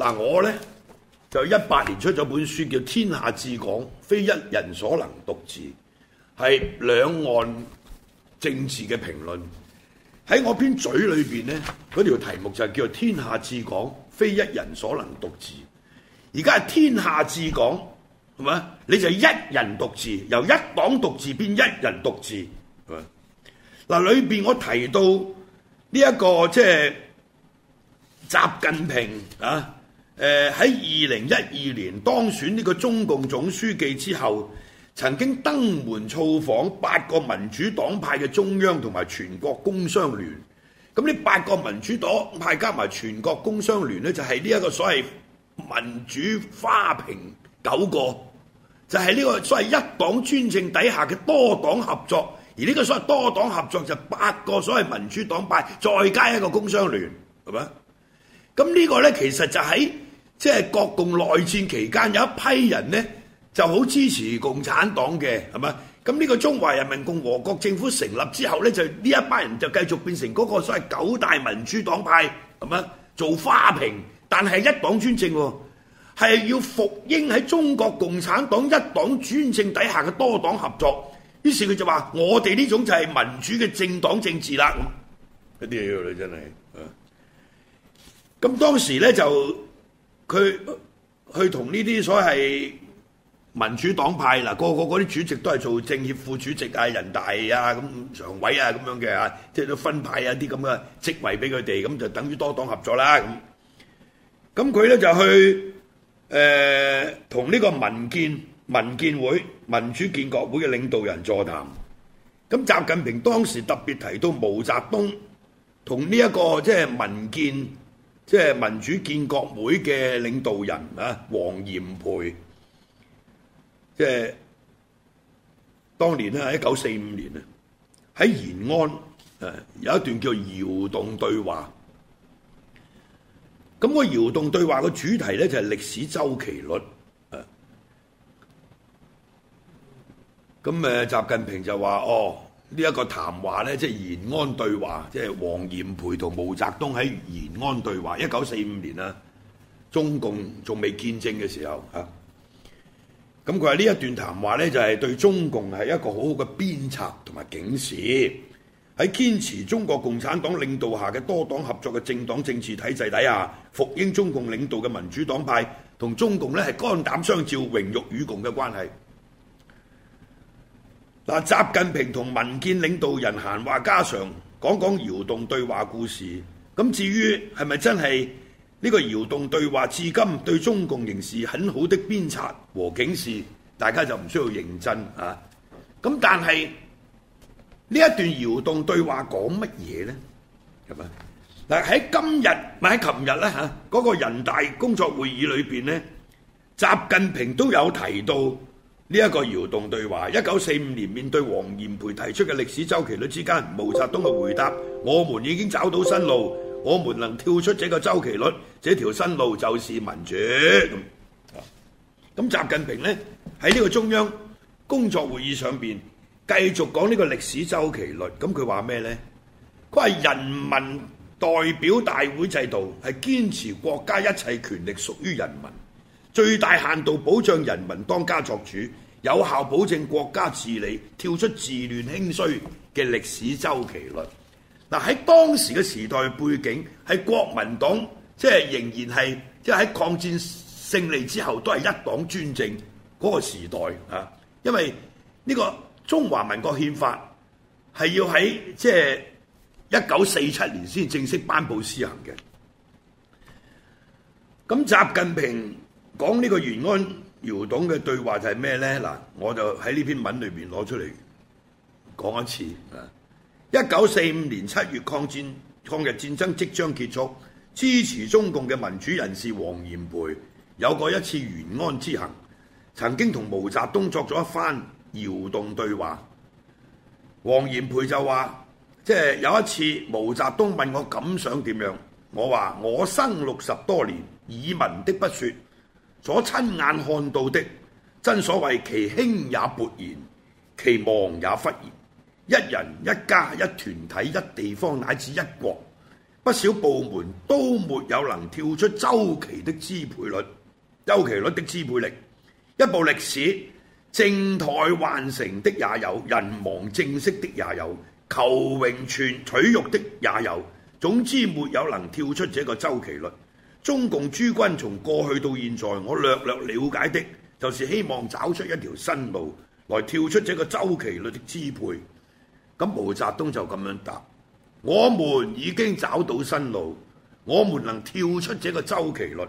嗱，我呢就一八年出咗本書，叫《天下治港非一人所能獨治》，係兩岸政治嘅評論。喺我篇嘴裏邊呢，嗰條題目就係叫做《天下治港非一人所能獨治》。而家係天下治港，係嘛？你就一人獨治，由一黨獨治變一人獨治，係嘛？嗱，裏邊我提到呢、這、一個即係習近平啊。誒喺二零一二年當選呢個中共總書記之後，曾經登門造訪八個民主黨派嘅中央同埋全國工商聯。咁呢八個民主黨派加埋全國工商聯呢，就係呢一個所謂民主花瓶九個，就係、是、呢個所謂一黨專政底下嘅多黨合作。而呢個所謂多黨合作就八個所謂民主黨派，再加一個工商聯，係咪？咁呢個呢，其實就喺、是即係國共內戰期間，有一批人呢就好支持共產黨嘅，係嘛？咁呢個中華人民共和國政府成立之後呢，就呢一班人就繼續變成嗰個所謂九大民主黨派，係嘛？做花瓶，但係一黨專政喎、啊，係要服膺喺中國共產黨一黨專政底下嘅多黨合作。於是佢就話：我哋呢種就係民主嘅政黨政治啦。一啲嘢你真係，啊！咁當時呢，就。佢去同呢啲所謂民主黨派嗱，個個嗰啲主席都係做政協副主席啊、人大啊、咁常委啊咁樣嘅啊，即係都分派一啲咁嘅職位俾佢哋，咁就等於多黨合作啦。咁咁佢咧就去誒同呢個民建民建會民主建國會嘅領導人座談。咁習近平當時特別提到毛澤東同呢一個即係民建。即係民主建國會嘅領導人啊，黃炎培，即係當年咧，一九四五年啊，喺延安誒有一段叫做窯洞對話，咁個窯洞對話個主題咧就係歷史週期率，咁誒習近平就話哦。呢一個談話呢即係延安對話，即係黃炎培同毛澤東喺延安對話，一九四五年啦，中共仲未建政嘅時候啊。咁佢話呢一段談話呢就係對中共係一個好好嘅鞭策同埋警示，喺堅持中國共產黨領導下嘅多黨合作嘅政黨政治體制底下，服膺中共領導嘅民主黨派同中共呢係肝膽相照、榮辱與共嘅關係。嗱，習近平同民建領導人閒話家常，講講窯洞對話故事。咁至於係咪真係呢個窯洞對話至今對中共仍是很好的鞭策和警示，大家就唔需要認真啊。咁但係呢一段窯洞對話講乜嘢呢？咁啊，嗱，喺今日咪喺琴日咧嚇，嗰、嗰個人大工作會議裏邊呢，習近平都有提到。呢一個窯洞對話，一九四五年面對黃炎培提出嘅歷史周期率之間，毛澤東嘅回答：我們已經找到新路，我們能跳出這個周期率，這條新路就是民主。咁，嗯嗯，習近平呢，喺呢個中央工作會議上邊，繼續講呢個歷史周期率，咁佢話咩呢？「佢係人民代表大會制度係堅持國家一切權力屬於人民。最大限度保障人民當家作主，有效保證國家治理，跳出治亂興衰嘅歷史周期律。嗱，喺當時嘅時代背景，喺國民黨即係仍然係即係喺抗戰勝利之後都係一黨專政嗰個時代啊。因為呢個中華民國憲法係要喺即係一九四七年先正式頒布施行嘅。咁習近平。講呢個延安窯洞嘅對話就係咩呢？嗱，我就喺呢篇文裏面攞出嚟講一次。啊，一九四五年七月，抗戰抗日戰爭即將結束，支持中共嘅民主人士黃炎培有過一次延安之行，曾經同毛澤東作咗一番窯洞對話。黃炎培就話：即係有一次，毛澤東問我感想點樣，我話我生六十多年，以民的不說。所親眼看到的，真所謂其興也勃然，其亡也忽然。一人、一家、一團體、一地方乃至一國，不少部門都沒有能跳出周期的支配率、周期率的支配力。一部歷史，政怠宦成的也有，人亡政息的也有，求榮取辱的也有。總之，沒有能跳出這個周期率。中共諸君從過去到現在，我略略了解的，就是希望找出一條新路來跳出這個周期率的支配。咁毛澤東就咁樣答：「我們已經找到新路，我們能跳出這個周期率。」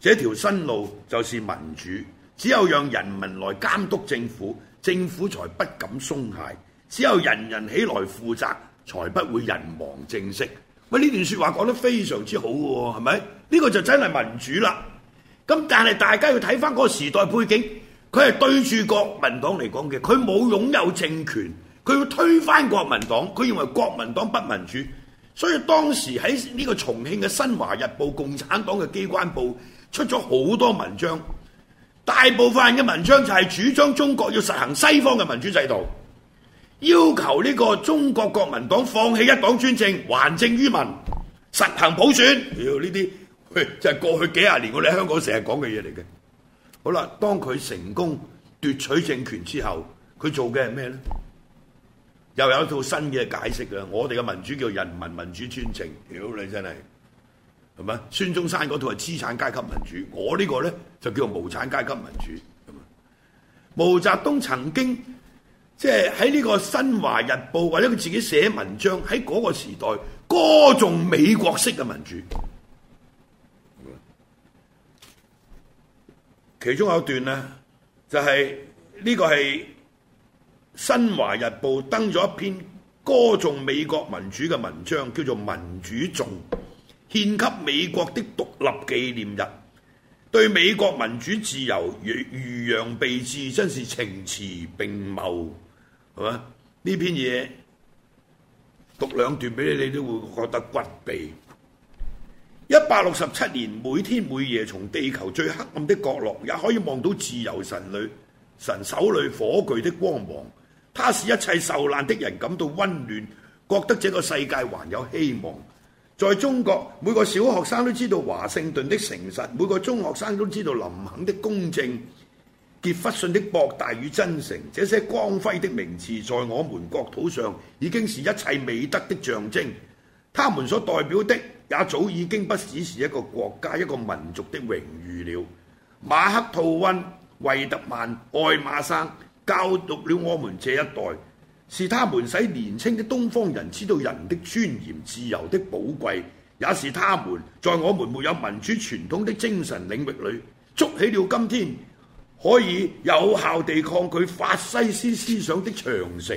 這條新路就是民主，只有讓人民來監督政府，政府才不敢鬆懈；只有人人起來負責，才不會人亡政息。喂，呢段説話講得非常之好嘅喎，係咪？呢個就真係民主啦！咁但係大家要睇翻嗰個時代背景，佢係對住國民黨嚟講嘅，佢冇擁有政權，佢要推翻國民黨，佢認為國民黨不民主，所以當時喺呢個重慶嘅《新華日報》，共產黨嘅機關報出咗好多文章，大部分嘅文章就係主張中國要實行西方嘅民主制度，要求呢個中國國民黨放棄一黨專政，還政於民，實行普選。呢啲～就係過去幾十年我哋香港成日講嘅嘢嚟嘅。好啦，當佢成功奪取政權之後，佢做嘅係咩咧？又有一套新嘅解釋啦。我哋嘅民主叫人民民主專政。屌你真係，係咪？孫中山嗰套係資產階級民主，我呢個咧就叫做無產階級民主。毛澤東曾經即係喺呢個《新華日報》或者佢自己寫文章，喺嗰個時代歌頌美國式嘅民主。其中有一段咧，就係呢個係《新華日報》登咗一篇歌頌美國民主嘅文章，叫做《民主頌》，獻給美國的獨立紀念日。對美國民主自由揄揚備至，真是情詞並茂，係嘛？呢篇嘢讀兩段俾你，你都會覺得骨痹。一百六十七年，每天每夜，從地球最黑暗的角落，也可以望到自由神里神手裏火炬的光芒。他使一切受難的人感到温暖，覺得這個世界還有希望。在中國，每個小學生都知道華盛頓的誠實，每個中學生都知道林肯的公正、傑弗遜的博大與真誠。這些光輝的名字，在我們國土上已經是一切美德的象徵。他們所代表的。也早已經不只是一個國家、一個民族的榮譽了。馬克吐温、惠特曼、愛馬生教讀了我們這一代，是他們使年輕的東方人知道人的尊嚴、自由的寶貴，也是他們在我們沒有民主傳統的精神領域裏，築起了今天可以有效地抗拒法西斯思想的長城。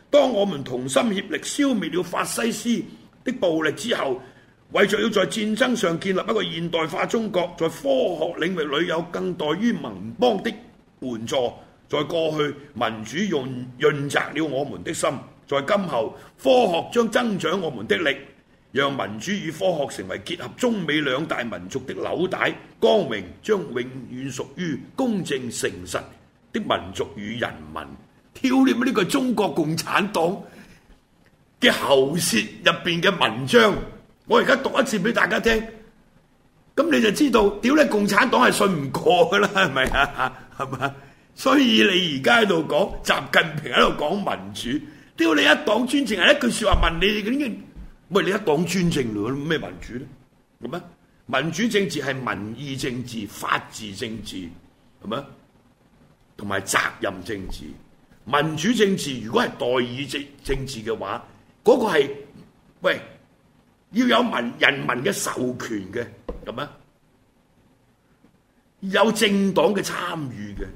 當我們同心協力消滅了法西斯的暴力之後，為著要在戰爭上建立一個現代化中國，在科學領域裏有更待於盟邦的援助。在過去民主潤潤澤了我們的心，在今後科學將增長我們的力，讓民主與科學成為結合中美兩大民族的紐帶。光明將永遠屬於公正誠實的民族與人民。挑釁呢個中國共產黨嘅喉舌入邊嘅文章，我而家讀一次俾大家聽，咁你就知道，屌你共產黨係信唔過噶啦，係咪啊？係嘛？所以你而家喺度講習近平喺度講民主，屌你一黨專政係一句説話，問你哋咁樣，唔係你一黨專政嚟喎，咩民主咧？係咪？民主政治係民意政治、法治政治，係咪？同埋責任政治。民主政治如果係代議政政治嘅話，嗰個係喂要有民人民嘅授權嘅，咁啊有政黨嘅參與嘅，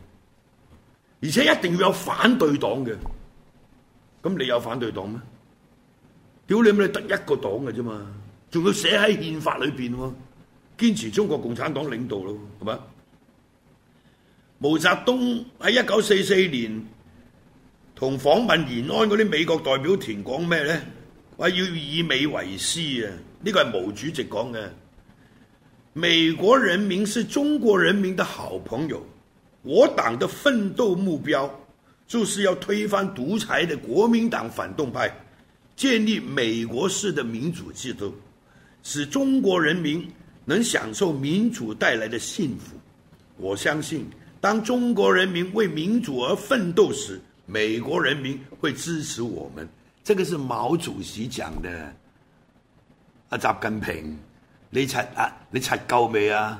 而且一定要有反對黨嘅。咁你有反對黨咩？屌你咪得一個黨嘅啫嘛，仲要寫喺憲法裏邊喎，堅持中國共產黨領導咯，係嘛？毛澤東喺一九四四年。同訪問延安嗰啲美國代表團講咩咧？話、哎、要以美為師啊！呢、這個係毛主席講嘅。美國人民是中國人民的好朋友。我黨的奮鬥目標就是要推翻獨裁的國民黨反動派，建立美國式的民主制度，使中國人民能享受民主帶來的幸福。我相信，當中國人民為民主而奮鬥時，美國人民會支持我們，這個是毛主席講的。阿習近平，你拆啊？你拆夠未啊？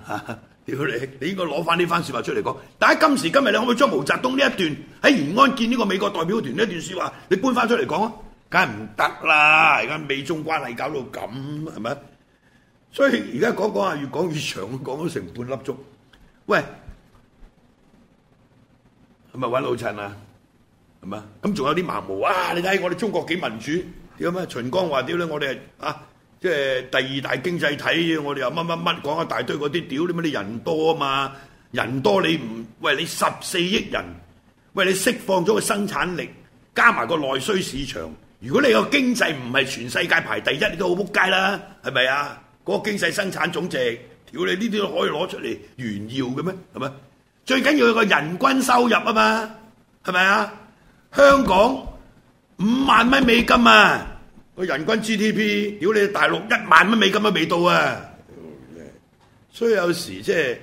屌你，你應該攞翻呢番說話出嚟講。但係今時今日，你可唔可以將毛澤東呢一段喺延安見呢個美國代表團呢一段說話，你搬翻出嚟講啊？梗係唔得啦！而家美中關係搞到咁，係咪？所以而家講講啊，越講越長，講到成半粒鐘。喂，係咪揾老陳啊？係嘛？咁仲、嗯、有啲盲毛啊！你睇下我哋中國幾民主？屌啊？秦剛話屌咧？我哋啊，即係第二大經濟體，我哋又乜乜乜講一大堆嗰啲屌你乜？你人多啊嘛，人多你唔喂你十四億人，喂你釋放咗個生產力，加埋個內需市場。如果你個經濟唔係全世界排第一，你都好撲街啦，係咪啊？嗰、那個經濟生產總值，屌你呢啲都可以攞出嚟炫耀嘅咩？係咪？最緊要有個人均收入啊嘛，係咪啊？香港五萬蚊美金啊，個人均 GDP，屌你大陸一萬蚊美金都未到啊！ 所以有時即係、就是、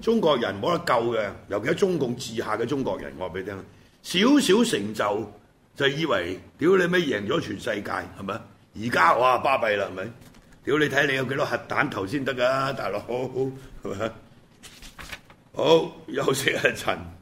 中國人冇得救嘅，尤其喺中共治下嘅中國人，我話俾你聽，少少成就就以為屌你咩贏咗全世界係咪？而家哇巴閉啦係咪？屌你睇你有幾多核彈頭先得㗎，大佬！好，休息一陣。